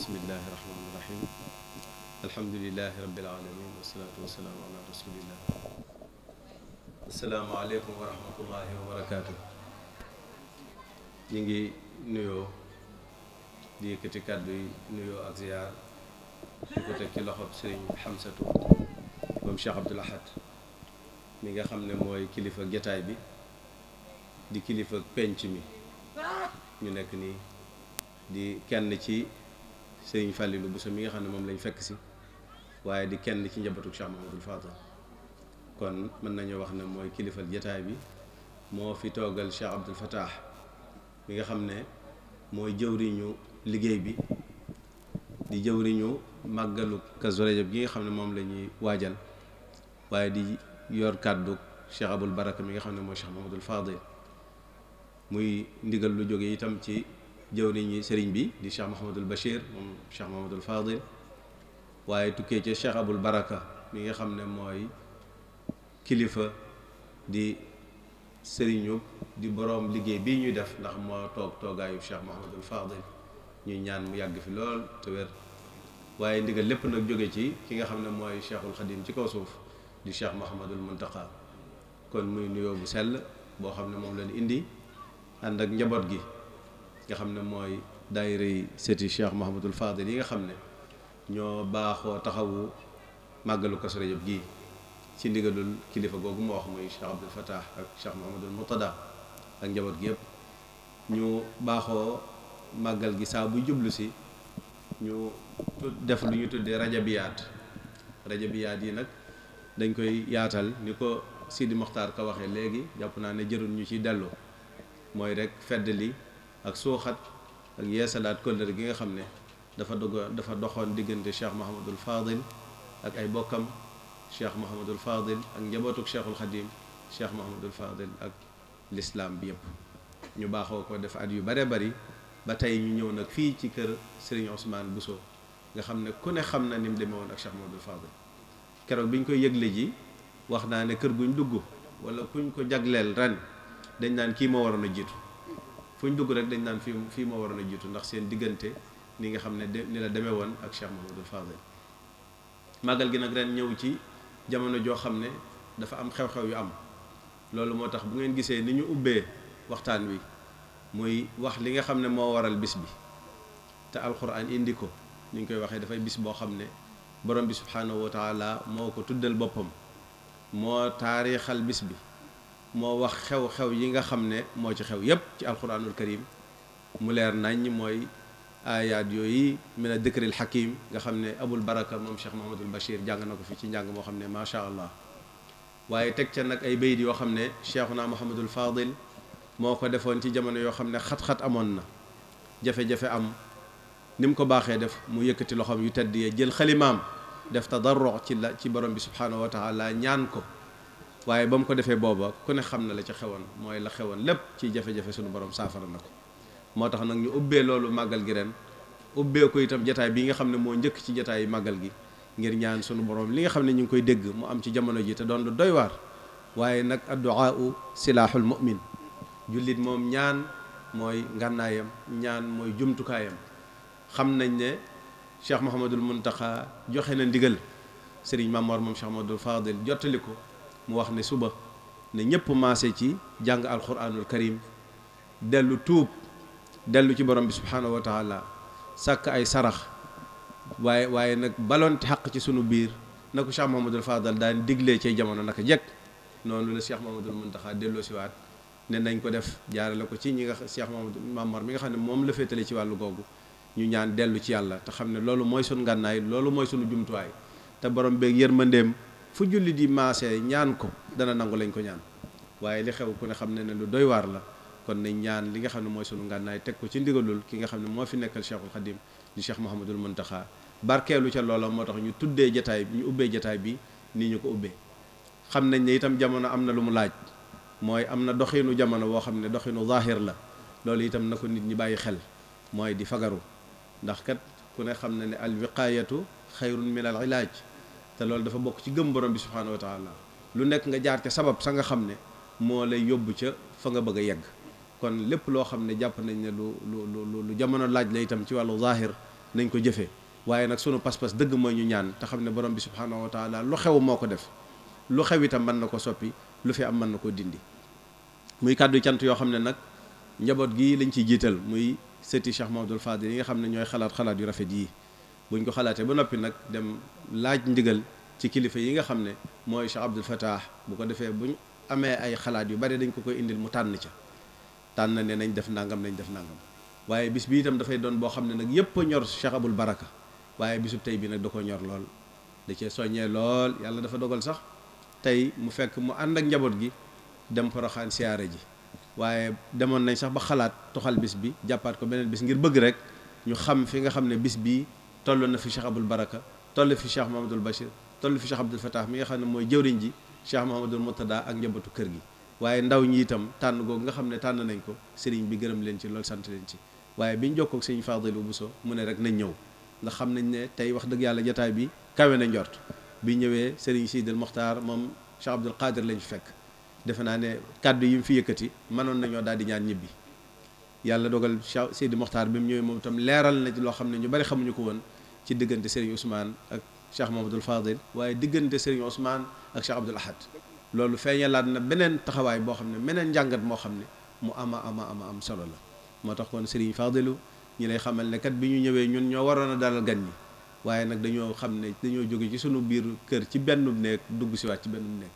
bismillahi rahmaani rahim alhamdulilahi rabbil alamin wasalaatu wasalaamu ala rasulillah asalaamualeykum wa rahmatullahi wa barakaatu ñu ngi nuyoo di yëkkati kàddu yi nuyoo ak ziyaar di ko teg ci loxob sëriñ xamsatu moom Cheikh Abdoul Ahad mi nga xam ne mooy kilifa jataay bi di kilifa penc mi ñu nekk nii di kenn ci sëriñ Fallilou Bousso mi nga xam ne moom lañ fekk si waaye di kenn ci njabootu Cheikh Mahamadul Fadal kon mën nañoo wax ne mooy kilifal jataay bi moo fi toogal Cheikh Abdoul Fattah mi nga xam ne mooy jëwriñu liggéey bi di jëwriñu màggalu Kazu Rajab nga xam ne moom la ñuy waajal waaye di yor kàddu Cheikh Aboul Baraka mi nga xam ne mooy Cheikh Mahamadul Fadil muy ndigal lu jóge itam ci jëw jëwriñi sëriñ bi di Cheikh Mouhamadul Bachir moom Cheikh Mouhamadul Fadil waaye tukkee ca Cheikh Baraka mi nga xam ne mooy kilifa di sëriñu di boroom liggéey bii ñuy def ndax moo toog toogaayu Cheikh Mouhamadul Fadil ñuy ñaan mu yàgg fi lool te wér waaye ndigal lépp nag jóge ci ki nga xam ne mooy Cheikhul Xadim ci kaw suuf di Cheikh Mouhamadul Muntaqa kon muy nuyoo bu sell boo xam ne moom leen indi ànd ak njaboot gi nga xam ne mooy daayira yi sëti Cheikh Mouhamadul Fadil yi nga xam ne ñoo baaxoo taxawu màggalu Kazu Rajab gii ci ndigalul kilifa googu mu wax muy Cheikh Abdul Fattah ak Cheikh Mouhamadul Moutada ak njaboot gi yëpp ñu baaxoo màggal gi saabu jublu si ñu def lu ñu tuddee rajabiyaat rajabiyaat yi nag dañ koy yaatal ni ko Sidi Mokhtar ka waxee léegi jàpp naa ne jërul ñu ci dellu mooy rek fedd li ak suuxat ak yeesalaat kóllëre gi nga xam ne dafa dog dafa doxoon diggante cheikh mahamadul fadil ak ay bokkam cheikh mahamadul fadil ak njabootuk cheikhul xadim cheikh mahamadul fadil ak lislaam bi yépp ñu baaxoo ko def at yu bare bari ba tey ñu ñëw nag fii ci kër Serigne Ousmane Bousso nga xam ne ku ne xam na ni mu demee woon ak Cheikh Mahamadul Fadil keroog bi ñu koy yëgle ji wax naa ne kër guñ dugg wala kuñ ko jagleel ren dañ naan kii moo waroon a jiitu fu ñu dugg rek dañ naan fii fii moo waroon a jiitu ndax seen diggante ni nga xam ne de ni la demee woon ak Cheikh Mahamadou Fadel màggal gi nag ren ñëw ci jamono joo xam ne dafa am xew-xew yu am loolu moo tax bu ngeen gisee ni ñu ubbee waxtaan wi muy wax li nga xam ne moo waral bis bi te alxuraan indi ko ni ñu koy waxee dafay bis boo xam ne borom bi subhaanahu wa taala moo ko tuddal boppam moo taarixal bis bi moo wax xew-xew yi nga xam ne moo ci xew yépp ci alquranul karim mu leer naññ mooy ayaat yooyu mina dikril hakim nga xam ne abul baraka moom Cheikh Mahamadul Bachir jàng na ko fi ci njàng moo xam ne macha allah waaye teg ca nag ay bayit yoo xam ne naa Mahamadul Fadil moo ko defoon ci jamono yoo xam ne xat-xat amoon na jafe-jafe am ni mu ko baaxee def mu yëkkati loxoom yu tedd yee jël xalimaam def tadarro ci la ci borom bi subhanahu wa taala ñaan ko waaye ba mu ko defee booba ku ne xam na la ca xewoon mooy la xewoon lépp ci jafe-jafe suñu boroom saafara na ko moo tax nag ñu ubbee loolu màggal gi ren ubbee ko itam jataay bi nga xam ne moo njëkk ci jataay màggal gi ngir ñaan sunu boroom li nga xam ne ñu ngi koy dégg mu am ci jamono ji te doon lu doy waar waaye nag adduaa u silaaxul mu'min jullit moom ñaan mooy ngànnaayam ñaan mooy jumtukaayam xam nañ ne Cheikh Mouhamadul Muntaxa joxe na ndigal Serigne Mamor moom Cheikh Mouhamadul Fadil jottali ko mu wax ne suba ne ñëpp maase ci jàng alquranul karim dellu tuub dellu ci borom bi subhaanahu wa taala sàkk ay sarax waaye waaye nag balonte xaq ci sunu biir na ko Cheikh Mahamadul Fadal daan diglee cee jamono naka jekk noonu la Cheikh Mahamadul Muntaxa taxaa si waat ne nañ ko def jaarale ko ci ñi nga Cheikh Mahamadul Mamar mi nga xam ne moom la féetale ci wàllu googu ñu ñaan dellu ci yàlla te xam ne loolu mooy sunu ngànnaay loolu mooy sunu jumtuwaay te borom beeg yërmandeem fu julli di maasee ñaan ko dana nangu lañ ko ñaan waaye li xew ku ne xam ne ne lu doy waar la kon ne ñaan li nga xam ne mooy sunu ngànnaay teg ko ci ndigalul ki nga xam ne moo fi nekkal cheikhul xadim di cheikh Mouhamadul Muntaxa barkeelu ca loola moo tax ñu tuddee jataay bi ñu ubbee jataay bi nii ñu ko ubbee xam nañ ne itam jamono am na lu mu laaj mooy am na doxinu jamono boo xam ne doxinu zaahir la loolu itam na ko nit ñi bàyyi xel mooy di fagaru ndax kat ku xam na ne al wiqaayatu xayrun min te loolu dafa bokk ci gëm borom bi subhaanahu wa lu nekk nga jaar ca sabab sa nga xam ne moo lay yóbbu ca fa nga bëgg a yegg kon lépp loo xam ne jàpp nañ ne lu jamono laaj la itam ci wàllu zaahir nañ ko jëfee waaye nag sunu pas-pas dëgg mooy ñu ñaan te xam ne borom bi subhaanahu wa taala lu xew moo ko def lu xew itam mën na ko soppi lu fi am mën na ko dindi muy kàddu cant yoo xam ne nag njaboot gi lañ ciy jiital muy sëti Cheikh Mamadou Fadil yi nga xam ne ñooy xalaat xalaat yu rafet yii ko xalaatee ba noppi nag dem laaj ndigal ci kilifa yi nga xam ne mooy Cheikh Abdul Fattah bu ko defee bu ñu amee ay xalaat yu bare dañ ko koy indil mu tànn ca tànn ne nañ def nangam nañ def nangam waaye bis bi itam dafay doon boo xam ne nag yëpp a ñor Cheikh Abul Baraka waaye bisub tey bi nag du ko ñor lool da cee soññee lool yàlla dafa dogal sax tey mu fekk mu ànd ak njaboot gi dem poroxaan siyaare ji waaye demoon nañ sax ba xalaat toxal bis bi jàppaat ko beneen bis ngir bëgg rek ñu xam fi nga xam ne bis bii toll na fi Cheikh Abul toll fi Cheikh Mahamadul Bachir toll fi Cheikh Abdul Fatah mi nga xam ne mooy jëwriñ ji Cheikh Mahamadul Murtada ak njabootu kër gi waaye ndaw ñi itam tànn googu nga xam ne tànn nañ ko sëriñ bi gërëm leen ci loolu sant leen ci waaye bi ñu jokkoog sëriñ bu so mu ne rek nañ ñëw ndax xam nañ ne tey wax dëgg yàlla jataay bi kawe na njort bi ñëwee sëriñ Sidil Moxtaar moom Cheikh Abdul Qadir lañ fi fekk defe naa ne kàddu yi mu fi yëkkati mënoon nañoo daal di ñaan ñibbi yàlla dogal Cheikh Sidil Moxtaar bi mu ñëwee itam leeral na ci loo xam ne ñu bari xamuñu ko woon ci diggante Serigne Ousmane ak Cheikh Mamadou Fadil waaye diggante Serigne Ousmane ak Cheikh Abdoul Ahad loolu feeñalaat na beneen taxawaay boo xam ne meneen njàngat moo xam ne mu ama ama ama am solo la moo tax kon Serigne Fadilu ñi lay xamal ne kat bi ñu ñëwee ñun ñoo waroon a dalal gan ñi waaye nag dañoo xam ne dañoo jóge ci sunu biir kër ci benn néeg dugg si waat ci benn nekk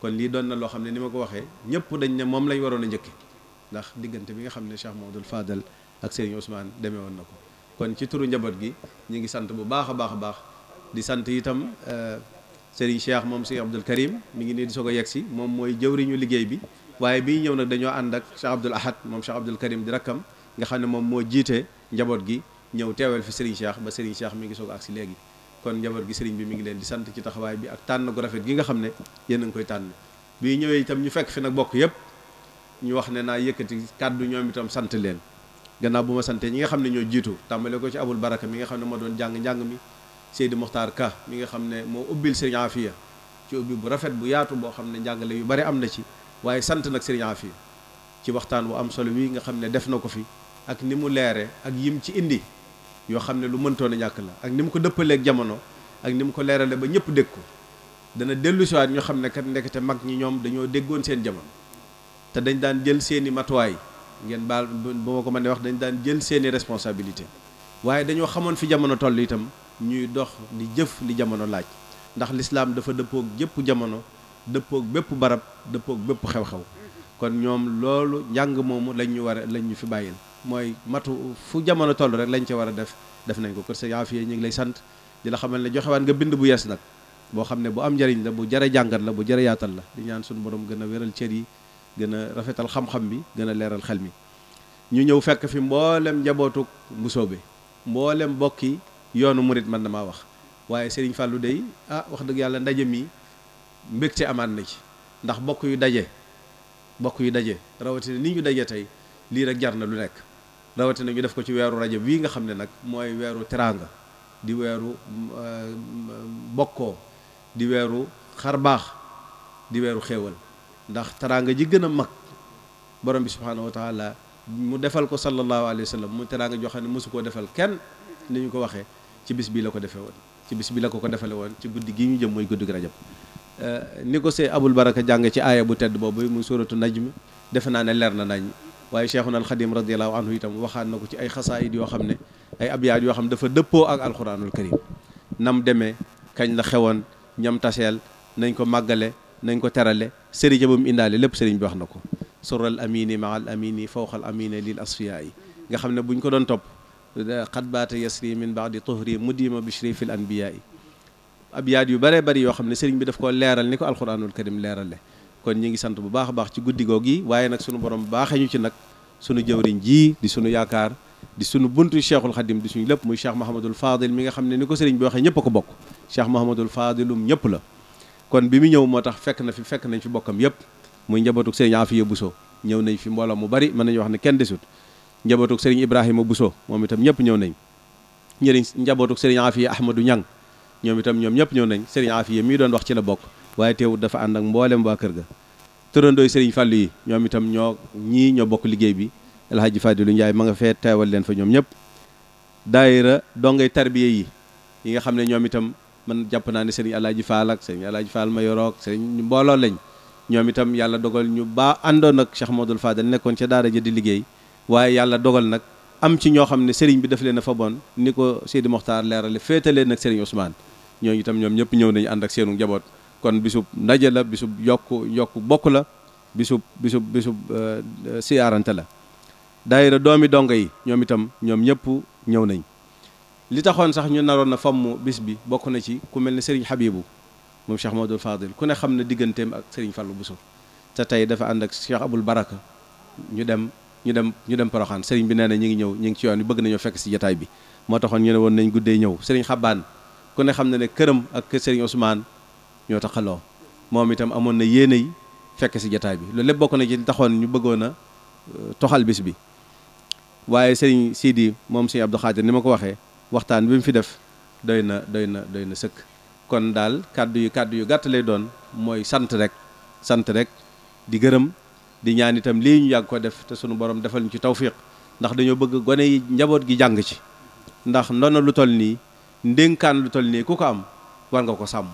kon lii doon na loo xam ne ni ma ko waxee ñëpp dañ ne moom lañ waroon a njëkke ndax diggante bi nga xam ne Cheikh Mamadou Fadal ak Serigne Ousmane demee woon na ko kon ci turu njaboot gi ñu ngi sant bu baax a baax a baax di sant itam euh, Serigne Cheikh moom Serigne Abdul Karim mi ngi nii di soog a yegg si moom mooy jëwriñu liggéey bi waaye bii ñëw nag dañoo ànd ak Cheikh Abdul Ahad moom Cheikh Abdul Karim di rakkam nga xam ne moom moo jiite njaboot gi ñëw teewal fi Serigne Cheikh ba Serigne Cheikh mi ngi soog a agsi léegi kon njaboot gi Serigne bi mi ngi leen di sant ci taxawaay bi ak tànn ku rafet gi nga xam ne yéen a ngi koy tànn bii ñëwee itam ñu fekk fi nag bokk yëpp ñu wax ne naa yëkkati kàddu ñoom itam sant leen gannaaw bu ma sante ñi nga xam ne ñoo jiitu tàmbale ko ci abul baraka mi nga xam ne moo doon jàng njàng mi Seydi Mokhtar Ka mi nga xam ne moo ubbil Sëriñ Afia ci ubbi bu rafet bu yaatu boo xam ne njàngale yu bari am na ci waaye sant nag Sëriñ Afia ci waxtaan wu am solo wi nga xam ne def na ko fi ak ni mu leere ak yim ci indi yoo xam ne lu mëntoon a ñàkk la ak ni mu ko dëppaleek jamono ak ni mu ko leerale ba ñëpp dégg ko dana dellu siwaat ñoo xam ne kat ndekete mag ñi ñoom dañoo déggoon seen jamono te dañ daan jël seeni matuwaay ngeen baal bu ma ko mën a wax dañ daan jël seeni responsabilité waaye dañoo xamoon fi jamono toll itam ñuy dox di jëf li jamono laaj ndax lislaam dafa dëppoog jëpp jamono dëppoog bépp barab dëppoog bépp xew-xew kon ñoom loolu njàng moomu lañ ñu war a lañ ñu fi bàyyil mooy matu fu jamono toll rek lañ ci war a def def nañ ko kër sa yaafiye ñu ngi lay sant di la xamal ne joxewaan nga bind bu yees nag boo xam ne bu am njariñ la bu jare jàngat la bu jare yaatal la di ñaan suñu borom gën a wéral cër yi gën a rafetal xam-xam bi gën a leeral xel mi ñu ñëw fekk fi mboolem njabootuk Mbusoobe mboolem bokki yoonu murit man damaa wax waaye Serigne Fallou dey ah wax dëgg yàlla ndaje mi mbégte amaat na ci ndax bokk yu daje bokk yu daje rawatina ni ñu daje tey lii rek jar na lu nekk rawatina ñu def ko ci weeru rajab bii nga xam ne nag mooy weeru teraanga di weeru euh, euh, bokkoo di weeru xarbaax di weeru xewal ndax teraanga ji gën a mag borom bi subhaanahu wa taala mu defal ko sallallahu alayhi wa sallam mu teraanga joo xam ne mosu koo defal kenn ni ñu ko waxee ci bis bii la ko defee woon ci bis bi la ko ko defale woon ci guddi gi ñu jëm mooy guddi gi rajab eh, ni ko see abul baraka jàng ci aaya bu tedd boobu muy suratu najm defe naa ne leer na nañ waaye cheikhuna alxadim radiallahu anhu itam waxaat na ko ci ay xasaayid yoo xam ne ay abyaat yoo xam ne dafa dëppoo ak alquranul karim nam demee kañ la xewoon nañ ko màggale nañ ko terale sëriñ ba mu indaale lépp sëriñ bi wax na ko sural amini maal amini fawqal amini lil asfiyaa yi nga xam ne buñ ko doon topp xat baata yasri min baadi tuhri mudima bishri fil anbiyaa yi abyaat yu bare bari yoo xam ne sëriñ bi daf koo leeral ni ko alquranul karim leerale kon ñi ngi sant bu baax a baax ci guddi googu yi waaye nag sunu borom baaxee ñu ci nag sunu jëwriñ jii di sunu yaakaar di sunu buntu cheikhul xadim di suñu lépp muy cheikh mahamadul fadil mi nga xam ne ni ko sëriñ bi waxee ñëpp a ko bokk cheikh mahamadul fadilum ñëpp la kon bi mu ñëw moo tax fekk na fi fekk nañ fi bokkam yëpp muy njabootuk sëriñ Afiya Buso ñëw nañ fi mbooloo mu bari mën nañu wax ne kenn desut njabootuk sëriñ Ibrahima Buso moom itam ñëpp ñëw nañ njëriñ njabootuk sëriñ Afiya Ahmadou Ñang ñoom itam ñoom ñëpp ñëw nañ sëriñ Afiya mii doon wax ci la bokk waaye teewut dafa ànd ak mboolem waa kër ga tërandooy sëriñ Fàllu yi ñoom itam ñoo ñii ñoo bokk liggéey bi El Hadji lu Njaay ma nga fee teewal leen fa ñoom ñëpp daayira dongay tarbiye yi yi nga xam ne ñoom itam man jàpp naa ne sëriñ Alaaji faalak ak sëriñ Alaaji Faal ma yoroog sëriñ mbooloo lañ ñoom itam yàlla dogal ñu baa àndoon ak Cheikh Modou Fadal nekkoon ca daara ja di liggéey waaye yàlla dogal nag am ci ñoo xam ne sëriñ bi dafa leen a fa bon ni ko Seydi Moxtaar leerale féetalee nag sëriñ Ousmane ñooñu itam ñoom ñëpp ñëw nañ ànd ak seenu njaboot kon bisub ndaje la bisub yokku yokku bokk la bisub bisub bisub euh, siyaarante la daayira doomi dongo yi ñoom itam ñoom ñëpp ñëw nañ li taxoon sax ñu naroon na famm bis bi bokk na ci ku mel ne Serigne Habibou moom Cheikh Maodul Fadil ku ne xam ne digganteem ak Serigne Fallou Bousso te tey dafa ànd ak Cheikh Abul Baraka ñu dem ñu dem ñu dem Poroxaan Serigne bi nee na ñu ngi ñëw ñu ngi ci yoon bi bëgg nañoo fekk si jataay bi moo taxoon ñu ne woon nañ guddee ñëw Serigne Xabaan ku ne xam ne ne këram ak kër Serigne Ousmane ñoo taxaloo moom itam amoon na yéene yi fekk si jataay bi loolu lépp bokk na ci taxoon ñu bëggoon a euh, toxal bis bi waaye Serigne Sidi moom Serigne Abdou Khadir ni ma ko waxee waxtaan bi mu fi def doy na doy na doy na sëkk kon daal kàddu yu kàddu yu gàtt lay doon mooy sant rek sant rek di gërëm di ñaan itam lii ñu yàgg ko def te sunu borom defal ñu ci tawfiq ndax dañoo bëgg gone yi njaboot gi jàng ci ndax ndono lu toll nii ndénkaan lu tol nii ku ko am war nga ko sàmm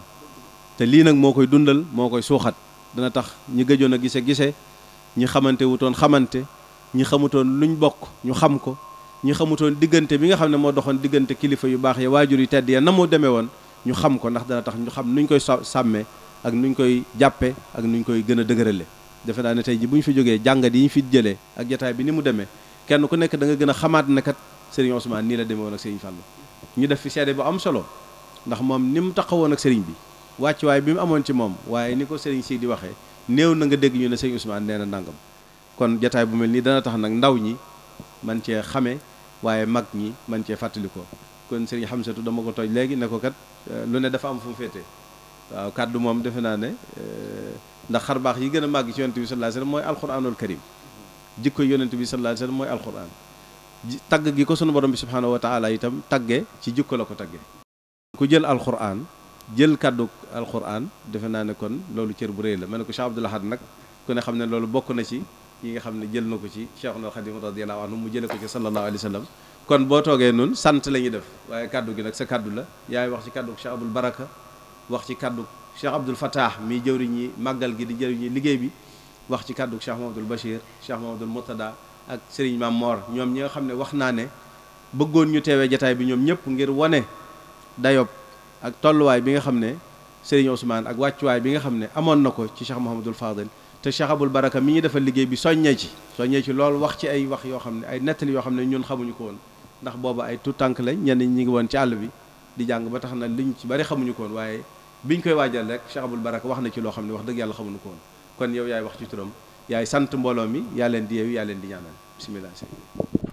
te lii nag moo koy dundal moo koy suuxat dana tax ñi gëjoon a gise gise ñi xamante wutoon xamante ñi xamutoon luñ bokk ñu xam ko ñi xamutoon diggante bi nga xam ne moo doxoon diggante kilifa yu baax ya waajur yu tedd ya na moo demee woon ñu xam ko ndax dana tax ñu xam nuñ koy sàmmee ak nuñ koy jàppe ak nuñ koy gën a dëgërale defe naa ne tey ji bu ñu fi jógee jàngat yi ñu fi jëlee ak jataay bi ni mu demee kenn ku nekk danga nga gën a xamaat ne kat sëriñ Ousmane nii la demee woon ak sëriñ Fallou ñu def fi seede bu am solo ndax moom ni mu taxawoon ak sëriñ bi wàcc wàccuwaay bi mu amoon ci moom waaye ni ko sëriñ si di waxee néew na nga dégg ñu ne sëriñ Ousmane nee na nangam kon jataay bu mel nii dana tax nag ndaw ñi man cee xamee waaye mag ñi man cee fàttalikoo ko kon sëriñ Xamsatu dama ko toj léegi ne ko kat euh, lu ne dafa am fu mu waaw kàddu moom defe naa ne euh, ndax xar baax yi gën a màgg ci yonent bi sallallahu alayhi wasallam mooy alquranul karim jikko yonent bi sallallahu alayhi wasallam mooy alquran tagg gi ko sunu borom bi subhaanahu wa taala itam tagge ci jikko la ko tagge ku jël alquran jël kàddu alquran defe naa ne kon loolu cër bu rëy la ma ne ko Cheikh Abdoul Ahad nag ku ne xam ne loolu bokk na ci yi nga xam ne jël na ko ci Cheikhul Khadim radiyallahu anhu mu jële ko ci sallallahu alayhi wa kon boo toogee noonu sant la ñuy def waaye kaddu gi nag sa kaddu la yaay wax ci kaddu Cheikh Abdul Baraka wax ci kaddu Cheikh Abdul Fattah mi jëwriñ yi màggal gi di jëwriñ yi liggéey bi wax ci kaddu Cheikh Mamadul Bachir Cheikh Mamadul Murtada ak Serigne Mam Mor ñoom ñi nga xam ne wax naa ne bëggoon ñu teewee jataay bi ñoom ñëpp ngir wane dayob ak tolluwaay bi nga xam ne Serigne Ousmane ak wàccuwaay bi nga xam ne amoon na ko ci Cheikh Mahamadul Fadil te Cheikh Baraka mi ñu defal liggéey bi soññee ci soññee ci loolu wax ci ay wax yoo xam ne ay nettali yoo xam ne ñun xamuñu ko woon ndax booba ay tout tànk lañ ñenn ñi ngi woon ci àll bi di jàng ba tax na liñ ci bari xamuñu ko woon waaye ñu koy waajal rek Cheikh Abul Baraka wax na ci loo xam ne wax dëgg yàlla xamuñu ko woon kon yow yaay wax ci turam yaay sant mbooloo mi yaa leen di yeewu yaa leen di ñaanal bisimilah.